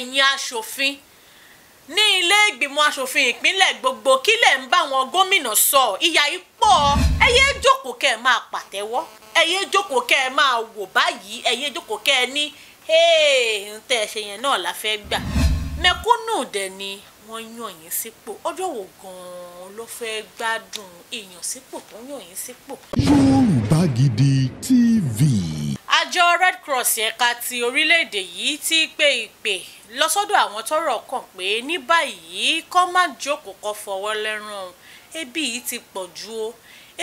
ẹ̀yin aṣòfin ní ilé ìgbìmọ̀ aṣòfin ìpínlẹ̀ gbogbo kí lẹ̀ ń bá wọn gómìnà sọ ìyà ipò ẹ yé jókòó kẹ́ ẹ máa pàtẹ́wọ́ ẹ jókòó kẹ́ ẹ máa wò báyìí ẹ jókòó kẹ́ ẹ ní ń tẹ́ ẹ ṣe yẹn náà la fẹ́ gbà mẹ̀kúnnù dẹ̀ ni wọ́n yàn yín sípò ọjọ́ wo gan-an ló fẹ́ gbádùn ìyànsípò tó yàn yín sípò. Yorùbá Gidi àjọ red cross ẹ̀ka ti orílẹ̀-èdè yìí ti pe ìpè lọ sọ́dọ̀ àwọn tọ́rọ̀ kàn pé ní báyìí kọ́ má jókòó kọ́ fọwọ́ lẹ́rùn ebi yìí ti pọ̀ ju o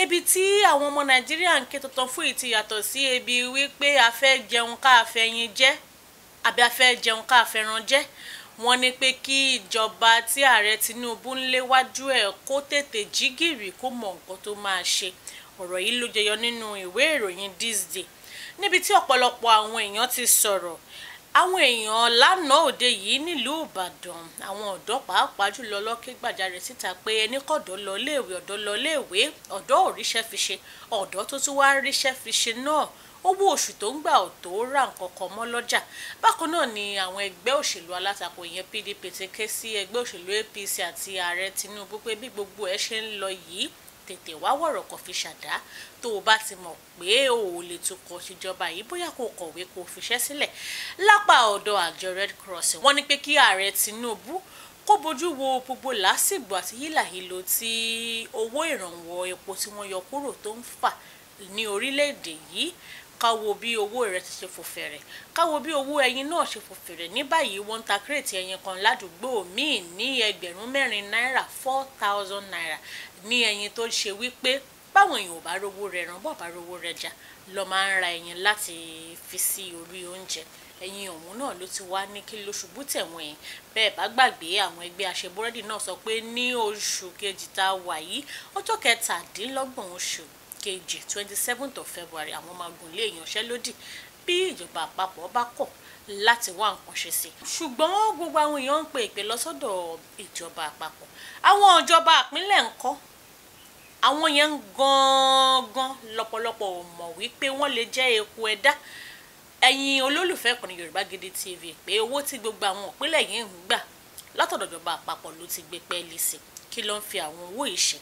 ebi tí àwọn ọmọ nàìjíríà ń ké tuntun fún ìtì yàtọ̀ sí ebi wípé a fẹ́ jẹun ká a fẹyin jẹ àbí a fẹ́ jẹun ká a fẹran jẹ wọ́n ní pé kí ìjọba tí ààrẹ tinubu ń léwájú ẹ̀ kó tètè jí gìrì kó mọ nǹkan tó máa ṣe ọ̀rọ̀ yìí ló jẹyọ nínú ìwé ìròyìn this day níbi tí ọ̀pọ̀lọpọ̀ àwọn èèyàn ti sọ̀rọ̀ àwọn èèyàn lánàá òde yìí nílùú ìbàdàn àwọn ọ̀dọ́ pàápàá jùlọ lọ́kẹ́ gbàjarè síta pé ẹni kọ̀dọ̀ lọ léèwé ọ̀dọ́ lọ léèwé ọ̀dọ́ ò ríṣẹ́ fi ṣe ọ̀dọ́ tó tún wá ríṣẹ́ fi ṣe náà owó oṣù tó ń gbà ò tó ra nǹkan kan mọ́ lọ́jà bákan náà ni àwọn ẹgbẹ́ òṣèlú alátakò yẹn pdp ti ké sí ẹgbẹ́ òṣèlú apc àti ààrẹ tinubu pé bí gbogbo ẹ ṣe ń lọ yìí tètè wá wọ̀rọ̀ kò fi ṣàdá tó o bá ti mọ̀ pé o ò lè tukọ̀ ìjọba yìí bóyá kò kọ̀wé kò fiṣẹ́ sílẹ̀ lápá ọ̀dọ̀ àjọ Red Cross wọ́n ní pé kí ààrẹ Tinubu kó bojú wo gbogbo làásìgbò àti hílàhílo tí owó ìrànwọ́ epo tí wọ́n yọ kúrò tó ń fà ní orílẹ̀-èdè yìí ká wo bí owó rẹ ti ṣe fò fèrè ká wo bí owó ẹyin náà ṣe fò fèrè ní báyìí wọ́n ń ta kírètì ẹyin kan ládùúgbò míì ní ẹgbẹ̀rún mẹ́rin náírà four thousand naira ní ẹyin tó ṣe wípé báwọn èèyàn ò bá rówó rẹ̀ ràn bọ́ọ̀ bá rówó rẹ̀ jà lọ máa ń ra ẹyin láti fi sí orí oúnjẹ ẹyin ọ̀hún náà ló ti wá ní kí ló ṣubú tẹ̀wọ̀n yìí bẹ́ẹ̀ bá gbàgbé àwọn ẹgbẹ́ aṣebúrẹ́dì náà sọ pé ní oṣù kejì tá wà yìí ọjọ́ kẹtàdínlọ́gbọ̀n oṣù kejì twenty seventh of february àwọn máa gùn lé ìyanṣẹ́lódì bí ìjọba àpapọ̀ bá kọ̀ láti wá nǹkan ṣe sí. ṣùgbọ́n gbogbo àwọn èèyàn ń pe ìpè lọ́sọ́dọ̀ ìjọba àpapọ̀ àwọn ìjọba ìpínlẹ̀ ńkọ́ àwọn yẹn ń gangan lọ́pọ̀lọpọ̀ mọ̀ wípé wọ́n lè jẹ́ eku ẹ̀dá ẹ̀yin olólùfẹ́ ìkànnì yorùbá gidi tv pé owó tí gbogbo àwọn ìpínlẹ̀ yìí ń gbà látọ̀dọ̀ ìjọba àpapọ̀ ló ti gbé pẹ́ẹ́lí sí kí ló ń fi àwọn owó yìí ṣe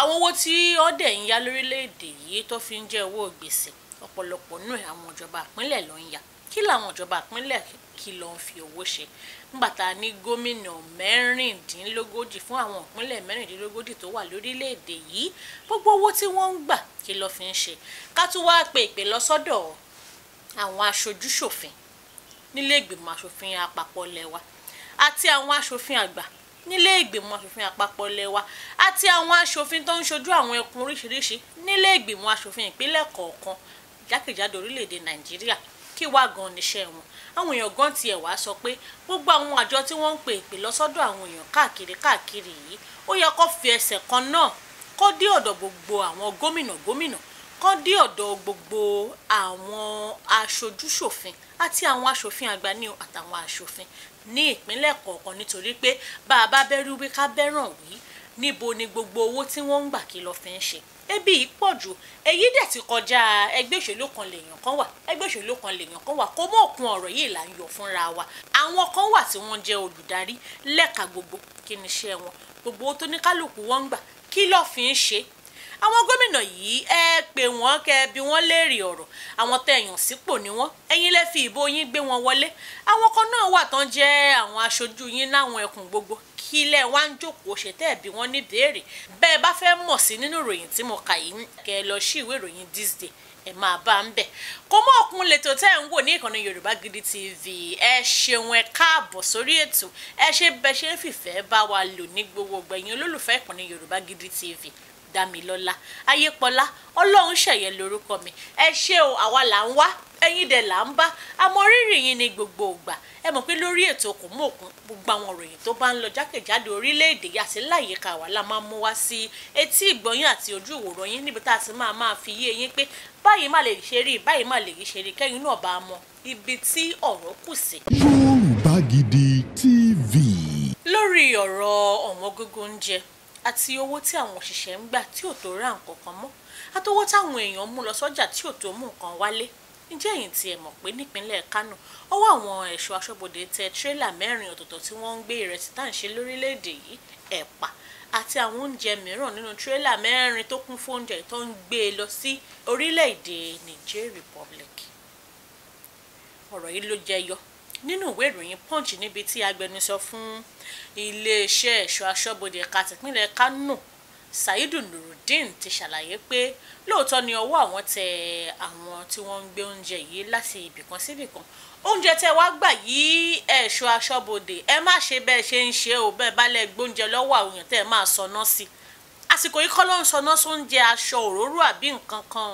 àwọn owó tí ọdẹ ń yá lórílẹ̀‐èdè yìí tó fi ń jẹ́ owó gbèsè ọ̀pọ̀lọpọ̀ nù àwọn ìjọba ìpínlẹ̀ ló ń yá kí làwọn ìjọba ìpínlẹ̀ kí ló ń fi owó ṣe nígbà tá a ní gómìnà mẹ́rìndínlógójì fún àwọn ìpínlẹ̀ mẹ́rìndínlógójì tó wà lórílẹ̀‐èdè yìí gbogbo owó tí wọ́n ń gbà kí ló fi ń ṣe ká tún wá pe ìpè lọ àwọn aṣojú ṣòfin nílé ìgbìmọ̀ aṣòfin àpapọ̀ lẹ́wà àti àwọn aṣòfin àgbà nílé ìgbìmọ̀ asòfin àpapọ̀ ilé wa àti àwọn asòfin tó ń ṣojú àwọn ẹkùn oríṣiríṣi nílé ìgbìmọ̀ asòfin ìpínlẹ̀ kọ̀ọ̀kan jákèjádò orílẹ̀-èdè nàìjíríà kí wàá gan níṣẹ́ wọn àwọn èèyàn gan tiẹ̀ wá sọ pé gbogbo àwọn àjọ tí wọ́n ń pè pè lọ́sọ́dọ̀ àwọn èèyàn káàkiri káàkiri yìí ó yẹ kó fi ẹsẹ̀ kan náà kó dé ọ̀dọ̀ gbogbo àwọn gómìnà gómìnà kó dé ọ̀dọ̀ gbogbo àwọn aṣojúṣòfin àti àwọn aṣòfin àgbà ní àtàwọn aṣòfin ní ìpínlẹ̀ kọ̀ọ̀kan nítorí pé bá a bá bẹ́rù wí ká bẹ́ràn wí níbo ni gbogbo owó tí wọ́n ń gbà kí lọ́ọ́ fẹ́ ń ṣe ebi yìí pọ̀ jù èyí dẹ̀ ti kọjá ẹgbẹ́ òṣèlú kan lèèyàn kan wà ẹgbẹ́ òṣèlú kan lèèyàn kan wà kó mọ́ òkun ọ̀rọ̀ yìí là ń yọ fúnra wa àwọn kan wà tí wọ́n jẹ́ olùdarí lẹ́ka gbogbo kí ni iṣẹ́ wọn gbogbo owó tó ní kálukú wọn ń gbà kí lọ́ọ́ fi ń ṣe àwọn gómìnà yìí ẹ pè wọ́n kẹ́ bí wọ́n léèrè ọ̀rọ̀ àwọn tẹ̀yàn sípò ni wọ́n ẹ̀yin lẹ́ fi ìbò yín gbé wọn wọlé àwọn kan náà wà tán jẹ́ àwọn aṣojú yín láwọn ẹkùn gbogbo kí ilẹ̀ wa ń jókòó ṣe tẹ́ ẹ̀ bí wọ́n ní béèrè bẹ́ẹ̀ bá fẹ́ mọ̀ sí nínú ìròyìn tí mo kà yìí kẹ́ lọ sí ìwé ìròyìn this day ẹ máa bá ń bẹ̀ kó mọ́ ọkùnrin lẹ́tọ̀ tẹ́ ń wò ní ìkànnì Yorùbá Gidi TV ẹ ṣeun ẹ káàbọ̀ sórí ètò ẹ ṣe bẹ ṣe ń fìfẹ́ bá wa lò ní gbogbo ọgbẹ̀yìn olólùfẹ́ ìkànnì Yorùbá Gidi TV Dámilọ́lá Ayépọlá Ọlọ́run ṣẹ̀yẹ lórúkọ mi ẹ ṣé o àwa là ń wá ẹ̀yin dẹ̀ là ń bá amọrírì yín ní gbogbo ògbà ẹ mọ̀ pé lórí ètò òkun mú òkun gbogbo àwọn òròyìn tó bá ń lọ jákèjádò orílẹ̀-èdè àti láyìíká la máa mú wá sí etí ìgbọ̀nyín àti ojú ìwòrán yín níbi tá a ti máa máa fi yé eyín pé báyìí má lè ṣe rí báyìí má lè ṣe rí kẹ́yìn náà bá a mọ ibi tí ọ̀rọ̀ kù sí. Yorùbá Gidi TV. lórí ọ̀rọ̀ ọ̀wọ́n gógó ń àti owó tí àwọn òṣìṣẹ́ ń gbà tí ò tó ra nǹkan kan mọ́ àtọwọ́ táwọn èèyàn mú lọ sọ́jà tí ò tó mú nǹkan wálé ǹjẹ́ ẹ̀yin ti ẹ̀ mọ̀ pé nípínlẹ̀ Kánò ọwọ́ àwọn ẹ̀ṣọ́ aṣọ́bodè tẹ tírélà mẹ́rin ọ̀tọ̀ọ̀tọ̀ tí wọ́n ń gbé ìrẹsì tá à ń ṣe lórílẹ̀‐èdè yìí ẹ̀pà àti àwọn oúnjẹ mìíràn nínú tírélà mẹ́rin tó kún fún oúnjẹ tó ń gbé e lọ sí orílẹ̀‐èdè Niger Republic ọ̀rọ̀ yìí ló jẹyọ nínú ìwé ìròyìn punch níbi tí agbẹnusọ fún iléeṣẹ́ ẹ̀ṣọ́ aṣọ́bodè ẹ̀ka tìpínlẹ̀ Kánò Saheed Nurudeen ti ṣàlàyé pé lóòótọ́ ni ọwọ́ àwọn tẹ àwọn tí wọ́n ń gbé oúnjẹ yìí láti ibìkan sí ibìkan oúnjẹ tẹ wá gbà yìí ẹ̀ṣọ́ aṣọ́bodè ẹ má ṣe bẹ́ẹ̀ ṣe ń ṣe ò bẹ́ẹ̀ bá lẹ́ gbóúnjẹ lọ́wọ́ àwọn èèyàn tẹ́ ẹ máa sọná sí àsìkò yìí kọ́ ló ń sọná sóúnjẹ aṣọ òróró àbí nǹkan kan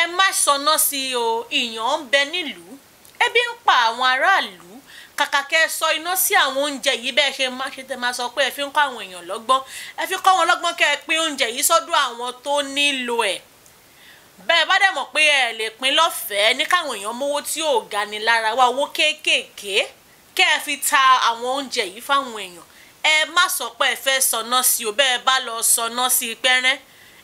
ẹ má sọná sí o ìyàn ń bẹ nílùú ebi ń pa àwọn aráàlú kàkà kẹ́ ẹ sọ iná sí àwọn oúnjẹ yìí bẹ́ẹ̀ ṣe má ṣe tẹ́ máa sọ pé ẹ fi ń kọ́ àwọn èèyàn lọ́gbọ́n ẹ fi kọ́ wọn lọ́gbọ́n kẹ́ ẹ pín oúnjẹ yìí sọ́dọ̀ àwọn tó nílò ẹ̀ bẹ́ẹ̀ bá dẹ̀ mọ̀ pé ẹ lè pín lọ́fẹ̀ẹ́ ní káwọn èèyàn mówó tí ò ga ni lára wa owó kéékèèké kẹ́ ẹ fi ta àwọn oúnjẹ yìí fáwọn èèyàn ẹ má sọ pé ẹ fẹ́ sọná sí o bẹ́ẹ̀ bá lọ sọná sí i pẹ́rẹ́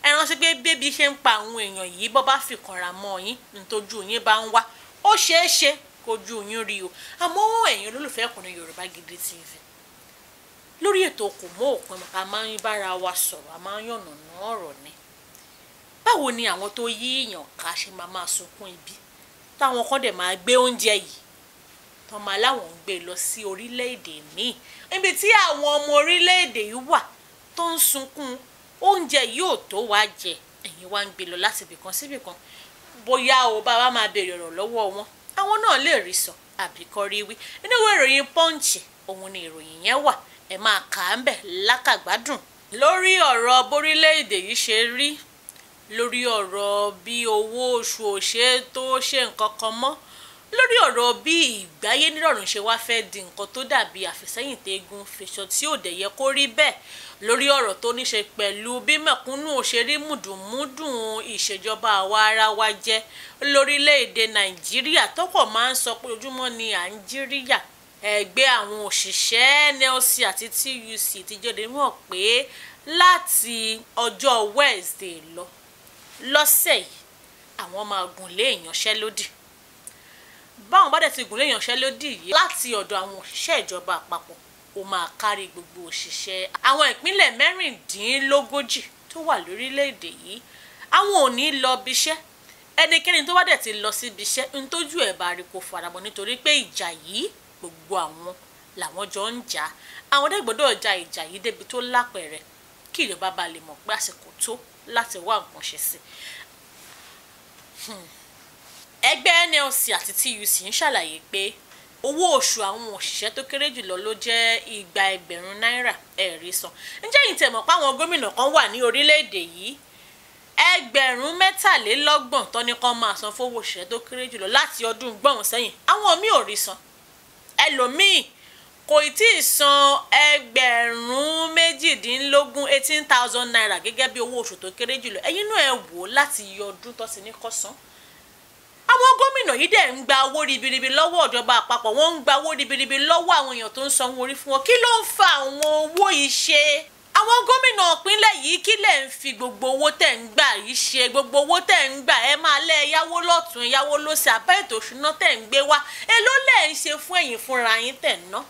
ẹ rántí pé bébí ṣe ń pa àwọn èèyàn yìí bọ́ bá fi kànra mọ́ yín ntójú yín bá ń wá ó ṣeé ṣe kojú yín rí o àmọ́ ẹ̀yin olólùfẹ́ ọkùnrin Yorùbá Gidi TV lórí ètò kò mọ́ òpin a máa ń bára wa sọ̀rọ̀ a máa ń yànnàná ọ̀rọ̀ ni báwo ni àwọn tó yí èèyàn ká ṣe máa máa sunkún ibi táwọn kan dẹ̀ máa gbé oúnjẹ yìí tán máa láwọn ń gbé lọ sí orílẹ̀-èdè míì níbi tí àwọn ọmọ orílẹ̀-èdè yìí wà tó ń sunkún oúnjẹ yìí tó wá jẹ ẹ̀yin wá ń gbé lọ láti ibìkan síbìkan bóyá o bá máa béèrè ọ̀rọ̀ lọ́wọ́ wọn àwọn náà lè rí sọ àbí kọrí wí inú ìwé ìròyìn pọ́ǹchì òun ni ìròyìn yẹn wà ẹ máa kà á ń bẹ̀ lákàgbádùn lórí ọ̀rọ̀ bórílẹ̀-èdè yìí ṣe rí lórí ọ̀rọ̀ bí owó oṣù òṣè tó ṣe nǹkan kan mọ́ lórí ọ̀rọ̀ bí ìgbáyé nírọ̀rùn ṣe wá fẹ́ di nǹkan tó dàbí àfẹsẹ́yìn tẹ́gun fèsọ tí ò dẹ̀ yẹ kó rí bẹ́ẹ̀ lórí ọ̀rọ̀ tó ní ṣe pẹ̀lú bí mẹ̀kúnnù òṣèré mùdùnmúdùn ìṣèjọba àwa ara wa jẹ́ lórílẹ̀‐èdè nàìjíríà tọ́kọ̀ máa ń sọ pé ojúmọ́ ni à ń jíríyà ẹgbẹ́ àwọn òṣìṣẹ́ NLC àti TUC ti jọdẹ mọ̀ pé láti ọjọ́ Wednesday lọ lọ́sẹ̀ yìí àwọn máa gùn lé ìyanṣẹ́lódì báwọn bá dẹ̀ ti gùn léèyàn ṣẹ́ lódì yìí láti ọ̀dọ̀ àwọn òṣìṣẹ́ ìjọba àpapọ̀ ó máa kárí gbogbo òṣìṣẹ́ àwọn ìpínlẹ̀ mẹ́rìndínlógójì tó wà lórílẹ̀‐èdè yìí àwọn ò ní lọ bíṣẹ́ ẹnikẹ́ni tó bá dẹ̀ ti lọ síbi iṣẹ́ ń tójú ẹ̀ bá rí kó faramọ́ nítorí pé ìjà yìí gbogbo àwọn làwọn jọ ń jà àwọn dẹ̀ gbọ́dọ̀ ja ìjà yìí débi tó lápẹ̀rẹ̀ kí ìjọba ba lè mọ̀ pé àsìkò tó láti wá nǹkan ṣe sí i. Hmm ẹgbẹ́ NLC àti TUC ń ṣàlàyé pé owó oṣù àwọn òṣìṣẹ́ tó kéré jùlọ ló jẹ́ igba ẹgbẹ̀rún náírà ẹ̀rí san ǹjẹ́ yìí tẹ̀mọ̀ pé àwọn gómìnà kan wà ní orílẹ̀-èdè yìí ẹgbẹ̀rún mẹ́tàlélọ́gbọ̀n tó ní kan máa san fowó òṣìṣẹ́ tó kéré jùlọ láti ọdún gbọ̀hún sẹ́yìn àwọn míì ò rí san ẹlòmíì kò tí ì san ẹgbẹ̀rún méjìdínlógún eighteen thousand naira gẹ́gẹ́ bí owó oṣù tó kéré jùlọ ẹ̀yin náà ẹ wò láti yọ ọdún tó ti ní kọ́sán àwọn gómìnà yìí dẹ̀ ń gba owó ribiribi lọ́wọ́ ìjọba àpapọ̀ wọ́n ń gba owó ribiribi lọ́wọ́ àwọn èèyàn tó ń sanwó orí fún wọn kí ló ń fa àwọn owó yìí ṣe àwọn gómìnà ìpínlẹ̀ yìí kí lẹ̀ ń fi gbogbo owó tẹ̀ ń gbà yìí ṣe gbogbo owó tẹ̀ ń gbà ẹ máa lẹ́ yáwó lọ́tún yáwó lọ́sẹ̀ abẹ́ ètò ìṣúná tẹ̀ ń gbé wá ẹ ló lẹ̀ ń ṣe fún ẹ̀yin fúnra yín tẹ̀ ná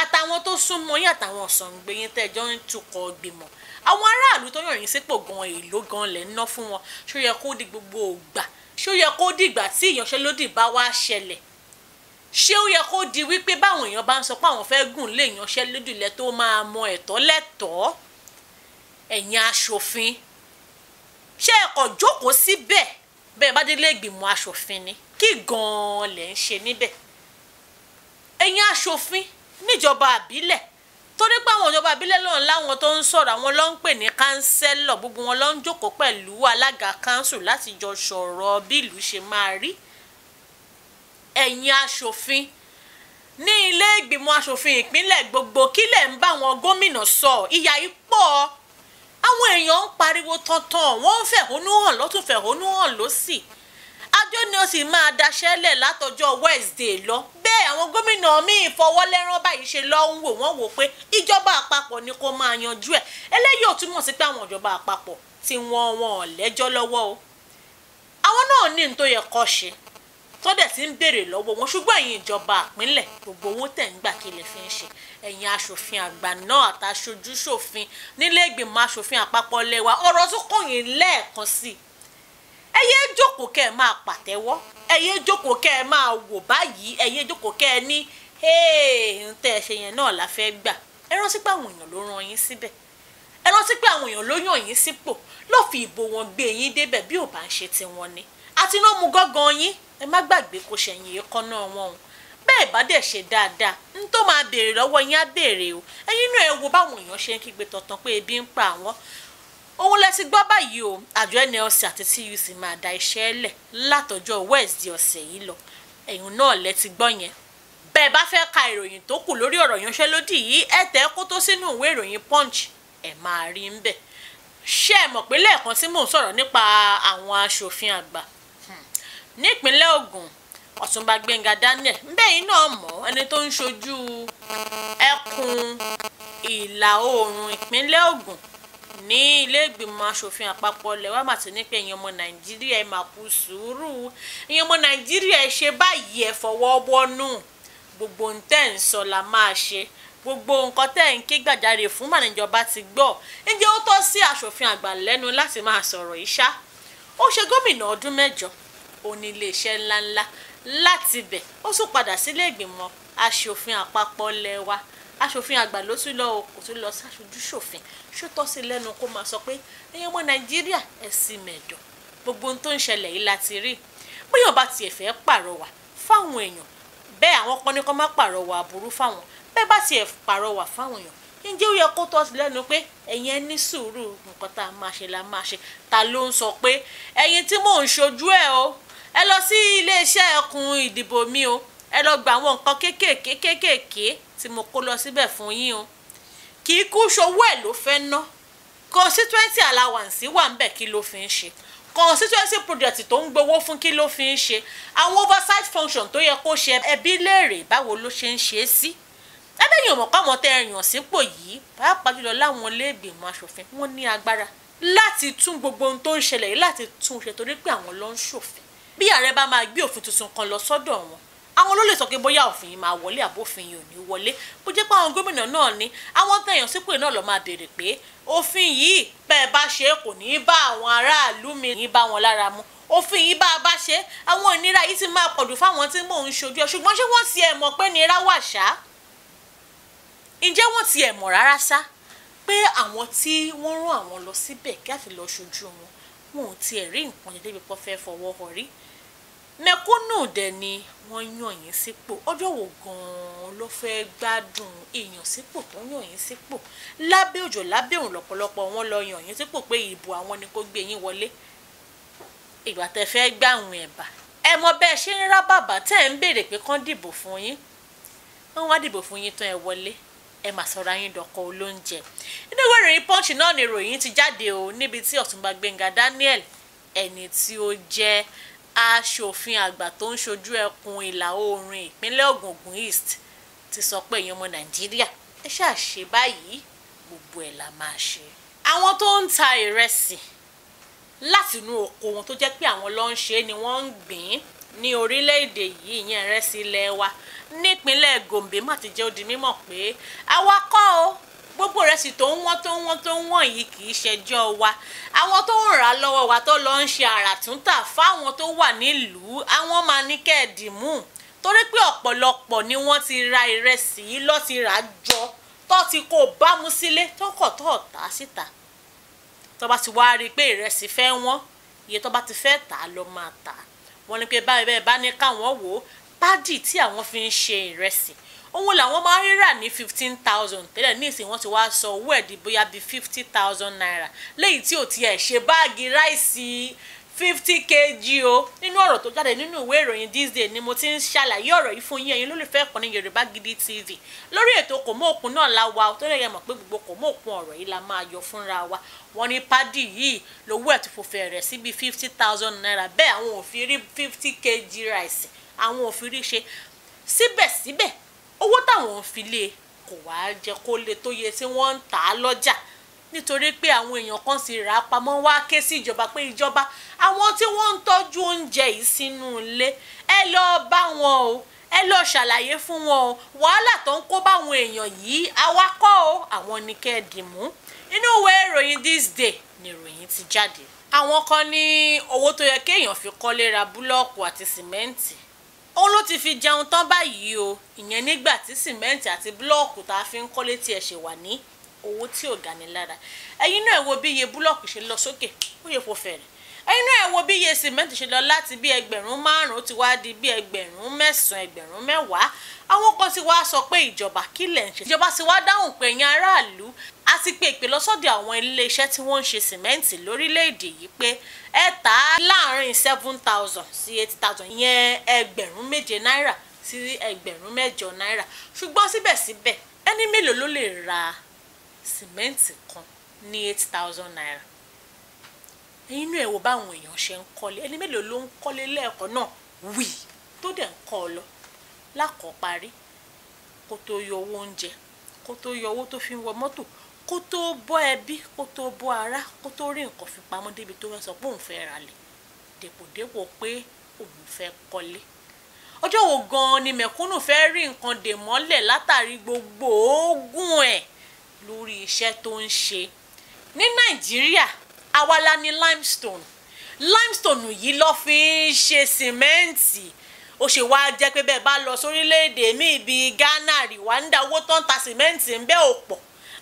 àtàwọn tó súnmọ́ yín àtàwọn ọ̀sọ̀ǹgbé yín tẹ̀ jọ ń tukọ̀ gbìmọ̀ àwọn aráàlú tó yàn yín sípò gan èlò gan lẹ̀ ń ná fún wọn ṣó yẹ kó di gbogbo ògbà ṣé ó yẹ kó dìgbà tí ìyanṣẹ́lódì bá wá ṣẹlẹ̀ ṣé ó yẹ kó di wípé báwọn èèyàn bá ń sọ pé àwọn fẹ́ gùn lé ìyanṣẹ́lódì lẹ tó máa mọ ẹ̀tọ́ lẹ́tọ̀ọ́ ẹ̀yin aṣòfin ṣé ẹ kò jókòó síbẹ̀ bẹ́ẹ̀ bá délé ìgbìmọ̀ aṣòfin ni kí gan-an lẹ̀ ń ṣe níbẹ̀ ẹ̀yin aṣòfin níjọba àbílẹ̀ torí pé àwọn ìjọba abílẹ̀ lọ́n láwọn tó ń sọ̀rọ̀ àwọn ló ń pè ní kánsẹ́lọ̀ gbogbo wọn ló ń jókòó pẹ̀lú alága kánsù láti jọ sọ̀rọ̀ bí ìlú ṣe máa rí ẹ̀yin aṣòfin ní ilé ìgbìmọ̀ aṣòfin ìpínlẹ̀ gbogbo kí lẹ̀ ń bá àwọn gómìnà sọ ìyà yìí pọ̀ àwọn èèyàn ń pariwo tantan wọ́n ń fẹ̀hónú hàn lọ́tún fẹ̀hónú hàn lọ́sì àjọ ni ó sì máa daṣẹ́lẹ̀ látọjọ́ Wednesday lọ bẹ́ẹ̀ àwọn gómìnà míì fọwọ́lẹ́rán báyìí ṣe lọ ń wò wọ́n wò pé ìjọba àpapọ̀ ni kó máa yanjú ẹ̀ eléyìí ò túmọ̀ sí pé àwọn ìjọba àpapọ̀ tí wọ́n wọn ò lẹ́jọ́ lọ́wọ́ o àwọn náà ní n tó yẹ kó ṣe tó dẹ̀ ti ń béèrè lọ́wọ́ wọn ṣùgbọ́n ẹ̀yin ìjọba àpínlẹ̀ gbogbo owó tẹ̀ ń gbà kí lè fi ń ṣe ẹ̀yin aṣòfin àgbà náà àtàṣojú ṣòfin nílé ìgbìmọ̀ aṣòfin àpapọ̀ lẹ́wà ọ̀rọ̀ tún kọ̀yìn lẹ́ẹ̀kan sí i ẹ yé jókòó kẹ́ ẹ máa pàtẹ́wọ́ ẹ yé jókòó kẹ́ ẹ máa wò báyìí ẹ yé jókòó kẹ́ ẹ ní ń tẹ́ ẹ ṣe yẹn náà la fẹ́ gbà ẹ rántí pé àwọn èèyàn ló rán yín síbẹ̀ ẹ rántí pé àwọn èèyàn ló yàn yín sípò ló fi ìbò wọn gbé yín débẹ̀ bí ò bá ń ṣe tiwọn ni àti iná mu gángan yín ẹ má gbàgbé kó ṣẹ̀yìn èékánná wọn o bẹ́ẹ̀ bá dẹ̀ ṣe dáadáa n tó máa béèrè lọ́wọ́ yín á béèrè o ẹ̀yin náà ẹ wo báwọn èèyàn ṣe ń kígbe tọ̀tàn pé ebi ń pa àwọn òun lẹ ti gbọ́ báyìí o àjọ nlc àti tuc máa da iṣẹ́ lẹ̀ látọjọ́ wednesday ọ̀sẹ̀ yìí lọ ẹ̀yìn náà lẹ ti gbọ́ yẹn bẹ́ẹ̀ bá fẹ́ ka ìròyìn tó kù lórí ọ̀rọ̀ yanṣẹ́lódì yìí ẹ tẹ̀ kó tó sínú ìwé ìròyìn punch ẹ máa rí ń bẹ̀ ṣé ẹ mọ̀ pé lẹ́ẹ̀kan tí mò ń sọ̀rọ̀ nípa àwọn aṣòfin àgbà hmm. nípínlẹ̀ Ògùn Ọ̀túnba Gbẹ́ngà Daniel bẹ́ẹ̀ náà mọ̀ ẹni tó ń ṣojú ẹkùn ìlà oòrùn ìpínlẹ̀ Ògùn ní ilé ìgbìmọ̀ asòfin àpapọ̀ lẹ́wà màtí ní pé ẹ̀yin ọmọ nàìjíríà ẹ̀ máa kú sùúrù ẹ̀yin ọmọ nàìjíríà ẹ̀ ṣe báyìí ẹ̀ fọwọ́ wọ́nú gbogbo ń ń sọ la máa ṣe gbogbo nǹkan tẹ́ ń ké gbàjáre fún mànìjọba ti gbọ́ ǹjẹ́ ó tọ́ sí asòfin àgbà lẹ́nu láti máa sọ̀rọ̀ ìṣá ó ṣe gómìnà ọdún mẹ́jọ ó iléeṣẹ́ ńláńlá láti bẹ̀ ó sì padà sílé ìgbìmọ̀ asòfin àpapọ̀ lẹ́wà aṣòfin àgbà ló tún lọ o kò tún lọ ṣàṣojú ṣòfin ṣó tọ́ sí lẹ́nu kó máa sọ pé ẹ̀yin ọmọ nàìjíríà ẹ̀ sì mẹ̀dọ̀ gbogbo ohun tó ń ṣẹlẹ̀ yìí la ti rí bóyá ọba tiẹ̀ fẹ́ pàrọwà fáwọn èèyàn bẹ́ẹ̀ àwọn kan ní kó má pàrọwà aburú fáwọn bẹ́ẹ̀ bá tiẹ̀ pàrọwà fáwọn èèyàn ǹjẹ́ ó yẹ kó tọ́ sí lẹ́nu pé ẹ̀yin ẹ ní sùúrù nǹkan tá a máa ṣe la máa ṣe ta ló ń sọ pé ẹ̀yin tí mò ń ṣojú ẹ̀ o ẹ lọ sí iléeṣẹ́ ẹkùn ìdìbò mi o ẹ lọ gba àwọn nǹkan kéékèèké kéékèèké tí mo kó lọ síbẹ̀ fún yín o kì í kú ṣowó ẹ̀ ló fẹ́ ná constituency allowance wà ń bẹ̀ kí ló fi ń ṣe constituency project tó ń gbowó fún kí ló fi ń ṣe àwọn oversight function tó yẹ kó ṣe ẹbí léèrè báwo ló ṣe ń ṣe é sí ẹbẹ́yìn òmò káwọn tẹ ẹ̀yàn sípò yìí pàápàá jùlọ láwọn iléègbèmọ̀ asòfin wọ́n ní agbára láti tún gbogbo ohun tó ń ṣẹlẹ̀ yìí láti tún un ṣe torí pé àwọn ló ń ṣòfin bí ààrẹ bá máa gbé òfin tuntun kan lọ sọ́dọ̀ wọn àwọn ló lè sọ pé bóyá òfin yìí máa wọlé àbófin yìí ò ní wọlé bó jẹ́ pé àwọn gómìnà náà ni àwọn tẹ̀yàn sípò náà lọ́ọ́ máa béèrè pé òfin yìí bẹ́ẹ̀ bá ṣe kò ní í bá àwọn aráàlú mi ní bá wọn lára mu òfin yìí bá a bá ṣe àwọn ìnira yìí ti máa pọ̀jù fáwọn tí mò ń ṣojú ẹ ṣùgbọ́n ṣé wọ́n ti ẹ̀ mọ̀ pé nira wà ṣá ǹjẹ́ wọ́n ti ẹ̀ mọ̀ rárá ṣá pé àwọn tí wọ́n rán àwọn lọ síbẹ̀ kí àfi lọ ṣojú wọn wọn ò tiẹ̀ rí nǹkan jẹ́ débi pọ́ fẹ́ fọwọ́ họ rí mẹ̀kúnnù dẹ̀ ni wọ́n yàn yín sípò ọjọ́ wo gan-an ló fẹ́ẹ́ gbádùn èèyàn sípò tó yàn yín sípò lábẹ́ òjò lábẹ́ òun lọ́pọ̀lọpọ̀ wọn lọ yàn yín sípò pé ìbò àwọn ni kó gbé yín wọlé ìgbà tẹ́ fẹ́ gbà àwọn ẹ̀bà ẹ mọ bẹ́ẹ̀ ṣe ń rá bàbà tẹ́ ẹ̀ ń béèrè pé kán dìbò fún yín wọ́n wá dìbò fún yín tán ẹ wọlé ẹ mà sọra yín dọkọ olóúnjẹ inú ìwé ìròyìn punch náà ni ìròyìn ti jáde o níbi tí Ọ̀túnba Gbénga Daniel ẹni tí ó jẹ́ aṣòfin àgbà tó ń ṣojú ẹkùn ìlà oòrùn ìpínlẹ̀ Ògùngùn East ti sọ pé èèyàn ọmọ Nàìjíríà ẹ ṣáà ṣe báyìí gbogbo ẹ̀ la máa ṣe. àwọn tó ń ta ìrẹsì látinú oko wọn tó jẹ́ pé àwọn ló ń ṣe ni wọ́n ń gbìn ní orílẹ̀-èdè yìí ìyẹn ìrẹsì ilẹ̀ wa nípínlẹ̀ Gombe má ti jẹ́ ó mímọ̀ pé àwa kọ́ o gbogbo ìrẹsì tó ń wọ́n tó ń wọ́n tó ń wọ́n yìí kì í ṣẹjọ́ wa àwọn tó ń rà lọ́wọ́ wa tó lọ ń ṣe àràtúntà fáwọn tó wà nílùú àwọn máa ní kẹ́ẹ̀dìmú torí pé ọ̀pọ̀lọpọ̀ ni wọ́n ti ra ìrẹsì yìí lọ́ ti rà á jọ tó ti kó bámu sílé tó kọ̀ tó tà á síta tó bá ti wá rí i pé ìrẹsì fẹ́ wọ́n iye tó bá ti fẹ́ tà á ló máa tà wọ́n ní pé báyìí bẹ́ẹ̀ bá ní káwọn wò ó pádì tí àwọn fi ń ṣe ìrẹsì òun làwọn máa ń rírà ní fifteen thousand tẹ́lẹ̀ ní ìsìn wọ́n ti wá sọ owó ẹ̀ bóyá bíi fifty thousand naira léyìí tí ò ti ẹ̀ ṣe báàgì ráìsì fifty kg o nínú ọ̀rọ̀ tó jáde nínú ìwé ìròyìn this day ni mo ti ń ṣàlàyé ọ̀rọ̀ yìí fún yín ẹ̀yin lólùfẹ́ ẹ̀kọ́ ní Yorùbá Gidi TV lórí ètò kò náà la wa tó lè yẹ mọ̀ pé gbogbo kò mọ òkun ọ̀rọ̀ yìí la máa yọ fúnra wa wọ́n ní pádì yìí lówó ẹ̀ rẹ̀ sí bíi fifty thousand naira bẹ́ẹ̀ àwọn ò rí fifty kg rice àwọn ò fi rí ṣe síbẹ̀síbẹ̀ owó táwọn fi lé e kò wá jẹ́ kó lè tó yẹ tí wọ́n ń tà á lọ́jà nítorí pé àwọn èèyàn kan sì rà á pamọ́ wá ké sí ìjọba pé ìjọba àwọn tí wọ́n ń tọ́jú oúnjẹ yìí sínú ilé ẹ lọ́ọ́ bá wọn o ẹ lọ ṣàlàyé fún wọn o wàhálà tó ń kó báwọn èèyàn yìí awakọ̀ o àwọn ni kẹ́ ẹ dì mú inú ìwé ìròyìn this day ni ìròyìn ti jáde àwọn kan ní owó tó yẹ kéèyàn fi kọ́lé ra búlọ́ọ̀kù àti sìmẹ́ǹtì òun ló ti fi jẹun tán báyìí o ìyẹn nígbà tí sìmẹ́ǹtì àti búlọ́ọ̀kù tá a fi ń kọ́lé tí ṣe wà ní owó tí ò gani lára ẹ̀yin náà wo bí iye búlọ́ọ̀kù ṣe lọ sókè ó yẹ kó fẹ̀rẹ̀ inú ẹ̀ wo bí iye sìmẹ́ǹtì ṣe lọ láti bí ẹgbẹ̀rún márùn-ún ti wá di bí ẹgbẹ̀rún mẹ́sàn-án ẹgbẹ̀rún mẹ́wàá àwọn kan ti wá sọ pé ìjọba kí lẹ̀ ń ṣe ìjọba ti wá dáhùn pé ẹ̀yin aráàlú a ti pe ìpè lọ́sọ̀dọ̀ àwọn iléeṣẹ́ tí wọ́n ń ṣe sìmẹ́ǹtì lórílẹ̀‐èdè yìí pé ẹ tà á láàrin seven thousand sí eight thousand ìyẹn ẹgbẹ̀rún méje náírà sí ẹgbẹ̀rún mẹ́jọ náírà ṣùgbọ́n síbẹ̀síbẹ̀ ẹni mélòó ló lè ra sìmẹ́ǹtì kan ní eight thousand naira inú ẹ̀ wo báwọn èèyàn ṣe ń kọ́lé ẹni mélòó ló ń kọ́lé lẹ́ẹ̀kan náà wì tó dẹ̀ ń kọ́ ọ lọ lákọ̀ọ́parí kó tó yọ owó oúnjẹ kó tó yọ owó tó fi ń wọ mọ́tò kó tó bọ́ ẹbí kó tó bọ́ ará kó tó rí nǹkan fi pamọ́ débi tó fẹ́ sọ pé òun fẹ́ ralẹ̀ dèpòdèpò pé òun fẹ́ kọ́lé ọjọ́ wo gan-an ni mẹ̀kúnnù fẹ́ rí nǹkan dè mọ́lẹ̀ látàrí gbogbo oògùn ẹ̀ lórí iṣẹ́ tó ń ṣe ní nàìjíríà Awala ni limestone limestone yìí ló fi ń ṣe sìmẹ́ǹtì ó ṣe wá jẹ́ pé bẹ́ẹ̀ bá lọ sórílẹ̀-èdè míì bíi Ghana Rwanda owó tó ń ta sìmẹ́ǹtì ń bẹ́ẹ̀ ò pọ̀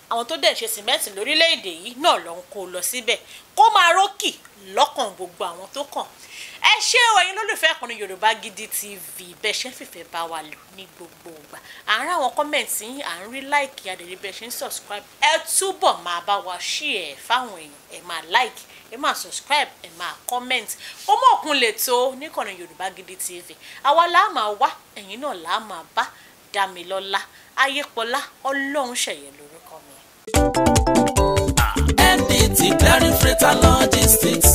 àwọn tó dẹ̀ ṣe sìmẹ́ǹtì lórílẹ̀‐èdè yìí náà ló ń kó lọ síbẹ̀ kó máa rókì lọ́kàn gbogbo àwọn tó kàn ẹ ṣé o ẹ̀yin lólùfẹ́ ọkùnrin Yorùbá Gidi TV bẹ́ẹ̀ ṣe ń fìfẹ́ bá wa lò ní gbogbo ìgbà à ń ráwọn kọ́mẹ̀ǹtì yín à ń rí láìkì adèrè bẹ́ẹ̀ ṣe ń sọ̀scribe ẹ túbọ̀ máa bá wa ṣí ẹ̀ fáwọn èèyàn ẹ máa láìkì ẹ máa sọ̀scribe ẹ máa kọ́mẹ̀ǹtì ó mọ̀ òkun lè tó níkànnì Yorùbá Gidi TV àwa làá máa wá ẹ̀yin náà làá máa bá Dámilọ́lá Ayépọ̀lá Ọlọ́runṣẹ̀yẹ ló MDT Clearing Freighter Logistics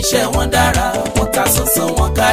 iṣẹ́ wọn dára wọ́n ká sọ́sọ́ wọn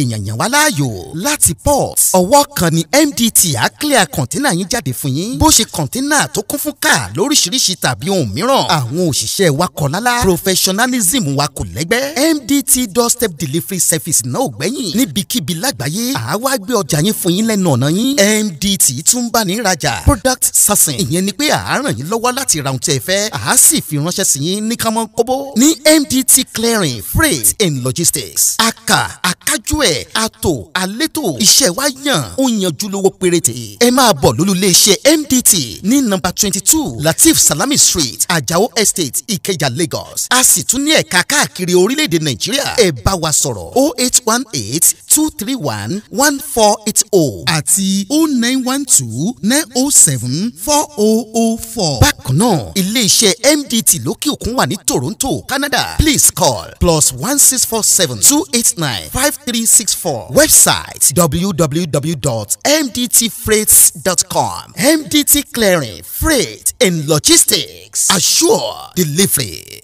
èèyàn yàn wá láàyò láti port ọwọ́ kan ni MDT á clear kọ̀ńténà yín jáde fún yín bó ṣe kọ̀ńténà tó kún fún káà lóríṣiríṣi tàbí ohun mìíràn àwọn òṣìṣẹ́ wa kọ̀ lálá professionalism wa kò lẹ́gbẹ́ MDT doorstep delivery service náà ò gbẹ́yìn níbikíbi lágbàáyé àá wá gbé ọjà yín fún yín lẹ́nu ọ̀nà yín MDT tún bá ní ìrajà product sourcing ìyẹn ni pé àá ràn yín lọ́wọ́ láti ra ohun tí ẹ fẹ́ àá sì fi ránṣẹ́ sí yín ní kánmọ́ kóbó ní MDT clearing freight and logistics aka aka kájú ẹ̀ àtò àlétò iṣẹ́ wa yàn ó yanjú lówó péréte ẹ máa bọ̀ lólùléeṣẹ́ MDT ní nọ́mbà twenty two Latif Salami Street Ajao Estate Ikeja Lagos a sì tún ní ẹ̀ka káàkiri orílẹ̀-èdè Nàìjíríà ẹ bá wa sọ̀rọ̀ o oh eight one eight two three one one four eight O oh àti o oh nine one two nine o seven four o o four. bákan náà iléeṣẹ́ MDT lókè òkun wà ní Toronto Canada please call plus one six four seven two eight nine five 5364 website www.mdtfreights.com MDT Clearing Freight and Logistics assure delivery.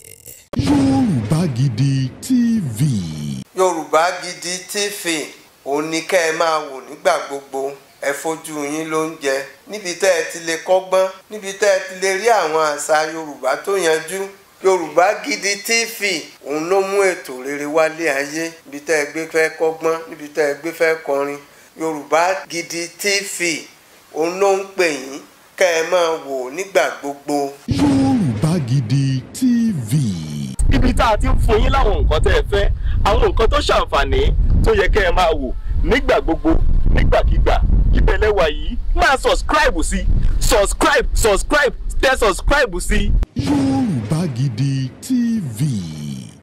Yorùbá Gidi TV. Yorùbá Gidi TV òun ni kẹ́ ẹ máa wò nígbà gbogbo ẹ fojú yín ló ń jẹ níbi tẹ́ ẹ ti lè kọ́gbọ́n níbi tẹ́ ẹ ti lè rí àwọn àṣà Yorùbá tó yanjú yorùbá gidi tv òun ló mú ètò rere wálé ayé ibi tẹ́ ẹ gbé fẹ́ kọ́gbọ́n níbi tẹ́ ẹ gbé fẹ́ kọrin yorùbá gidi tv òun ló ń pè yín kẹ́ ẹ máa wò nígbà gbogbo. yorùbá gidi tv. ibi tá a ti ń fún yín láwọn nǹkan tẹ́ ẹ fẹ́ àwọn nǹkan tó ṣàǹfààní tó yẹ kẹ́ ẹ máa wò nígbà gbogbo nígbàkigbà ìbẹ̀lẹ̀ wà yìí máa subscribe sí subscribe subscribe tẹ subscribe sí. Yorùbá Gidi TV.